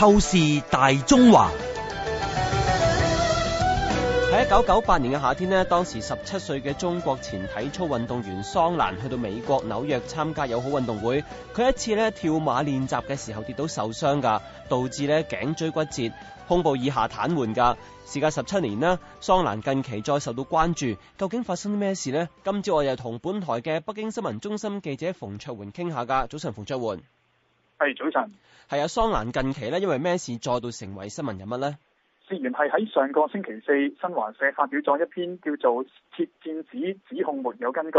透視大中華，喺一九九八年嘅夏天咧，當時十七歲嘅中國前體操運動員桑蘭去到美國紐約參加友好運動會，佢一次咧跳馬練習嘅時候跌到受傷噶，導致咧頸椎骨折，胸部以下癱瘓噶。時隔十七年啦，桑蘭近期再受到關注，究竟發生啲咩事呢？今朝我又同本台嘅北京新聞中心記者馮卓垣傾下噶。早晨，馮卓垣。係早晨，係啊！桑蘭近期咧，因為咩事再度成為新聞人物呢？事源係喺上個星期四，新華社發表咗一篇叫做《鐵證指指控沒有根據，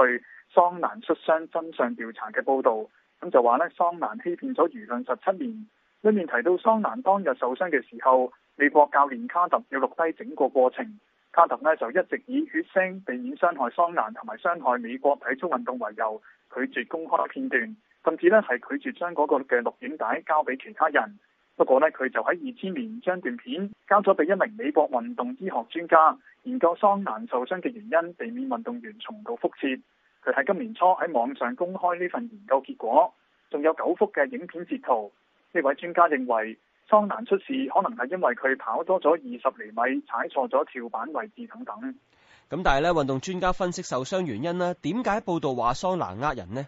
桑蘭摔傷真相調查》嘅報道，咁就話呢，桑蘭欺騙咗輿論十七年。裏面提到桑蘭當日受傷嘅時候，美國教練卡特要錄低整個過程，卡特呢，就一直以血腥避免傷害桑蘭同埋傷害美國體操運動為由，拒絕公開片段。甚至咧係拒絕將嗰個嘅錄影帶交俾其他人。不過呢，佢就喺二千年將段片交咗俾一名美國運動醫學專家研究桑蘭受傷嘅原因，避免運動員重蹈覆轍。佢喺今年初喺網上公開呢份研究結果，仲有九幅嘅影片截圖。呢位專家認為桑蘭出事可能係因為佢跑多咗二十厘米、踩錯咗跳板位置等等。咁但係咧，運動專家分析受傷原因呢，點解報道話桑蘭呃人呢？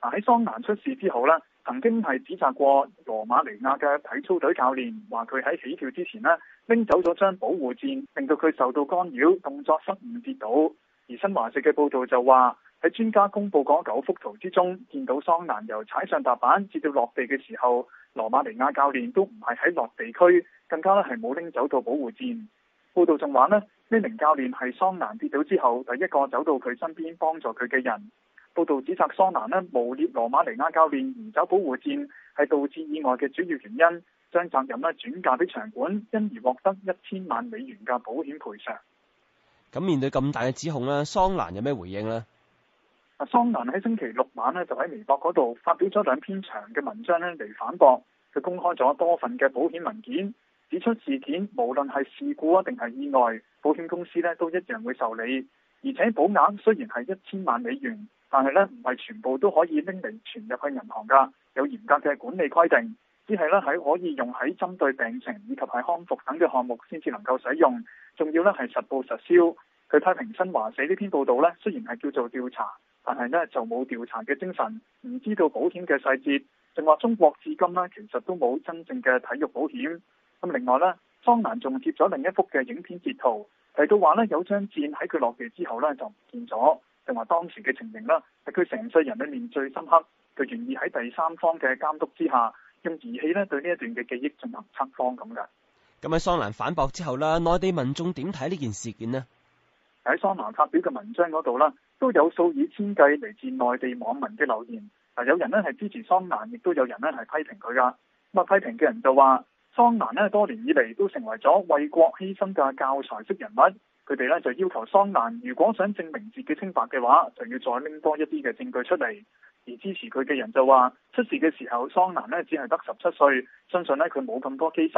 喺桑蘭出事之後呢，曾經係指責過羅馬尼亞嘅體操隊教練，話佢喺起跳之前拎走咗張保護墊，令到佢受到干擾，動作失誤跌倒。而新華社嘅報道就話，喺專家公佈嗰九幅圖之中，見到桑蘭由踩上踏板至到落地嘅時候，羅馬尼亞教練都唔係喺落地區，更加咧係冇拎走到保護墊。報道仲話咧，呢名教練係桑蘭跌倒之後第一個走到佢身邊幫助佢嘅人。報道指責桑蘭咧誣衊羅馬尼亞教練移走保護墊，係導致意外嘅主要原因，將責任咧轉嫁俾場館，因而獲得一千萬美元嘅保險賠償。咁面對咁大嘅指控咧，桑蘭有咩回應呢？阿桑蘭喺星期六晚就喺微博嗰度發表咗兩篇長嘅文章咧嚟反駁，佢公開咗多份嘅保險文件，指出事件無論係事故啊定係意外，保險公司都一樣會受理，而且保額雖然係一千萬美元。但係咧，唔係全部都可以拎嚟存入去銀行㗎，有嚴格嘅管理規定，只係咧喺可以用喺針對病情以及係康復等嘅項目先至能夠使用。仲要咧係實報實銷。佢批評新華社寫呢篇報道咧，雖然係叫做調查，但係呢就冇調查嘅精神，唔知道保險嘅細節，仲話中國至今呢其實都冇真正嘅體育保險。咁另外呢，桑蘭仲貼咗另一幅嘅影片截圖，提到話呢，有張箭喺佢落地之後呢就唔見咗。就話當時嘅情形啦，係佢成世人裏面最深刻，就願意喺第三方嘅監督之下，用儀器咧對呢一段嘅記憶進行測謊咁嘅。咁喺桑蘭反駁之後啦，內地民眾點睇呢件事件呢？喺桑蘭發表嘅文章嗰度啦，都有數以千計嚟自內地網民嘅留言。嗱，有人呢係支持桑蘭，亦都有人呢係批評佢噶。咁啊，批評嘅人就話，桑蘭呢多年以嚟都成為咗為國犧牲嘅教材式人物。佢哋呢就要求桑蘭如果想證明自己清白嘅話，就要再拎多一啲嘅證據出嚟。而支持佢嘅人就話，出事嘅時候桑蘭呢只係得十七歲，相信呢佢冇咁多機心。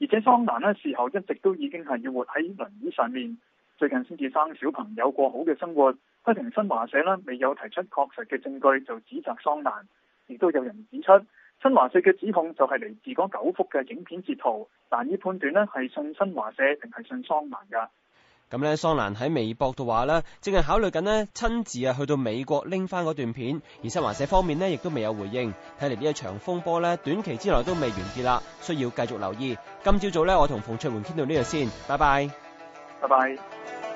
而且桑蘭呢事後一直都已經係要活喺輪椅上面，最近先至生小朋友過好嘅生活。批評新華社呢未有提出確實嘅證據就指責桑蘭，亦都有人指出，新華社嘅指控就係嚟自嗰九幅嘅影片截圖，難以判斷呢係信新華社定係信桑蘭㗎。咁呢，桑蘭喺微博度話呢，正係考慮緊呢，親自啊去到美國拎翻嗰段片，而新華社方面呢，亦都未有回應，睇嚟呢一場風波呢，短期之內都未完結啦，需要繼續留意。今朝早呢，我同馮卓垣傾到呢度先，拜拜，拜拜。